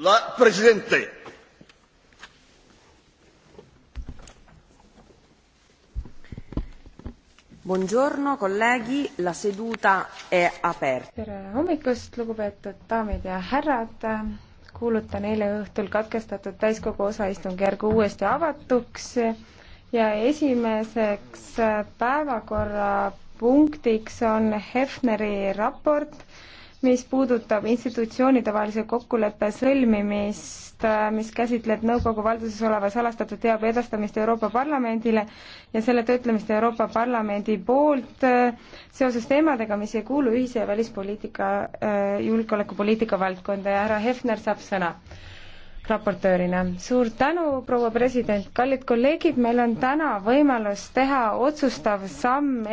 La Presidente. Buongiorno colleghi, la seduta è aperta. tere hommikust, lugupeetud daamid ja härrad. kuulutan eile õhtul katkestatud täiskogu osaistungjärgu uuesti avatuks ja esimeseks päevakorrapunktiks on Hefneri raport mis puudutab institutsioonidevahelise kokkuleppe sõlmimist, äh, mis käsitleb nõukogu valduses oleva salastatud teabe edastamist Euroopa Parlamendile ja selle töötlemist Euroopa Parlamendi poolt äh, seoses teemadega, mis ei kuulu ühise välispoliitika, äh, julgeolekupoliitika valdkonda ja härra Hefner saab sõna raportöörina. suur tänu, proua president, kallid kolleegid, meil on täna võimalus teha otsustav samm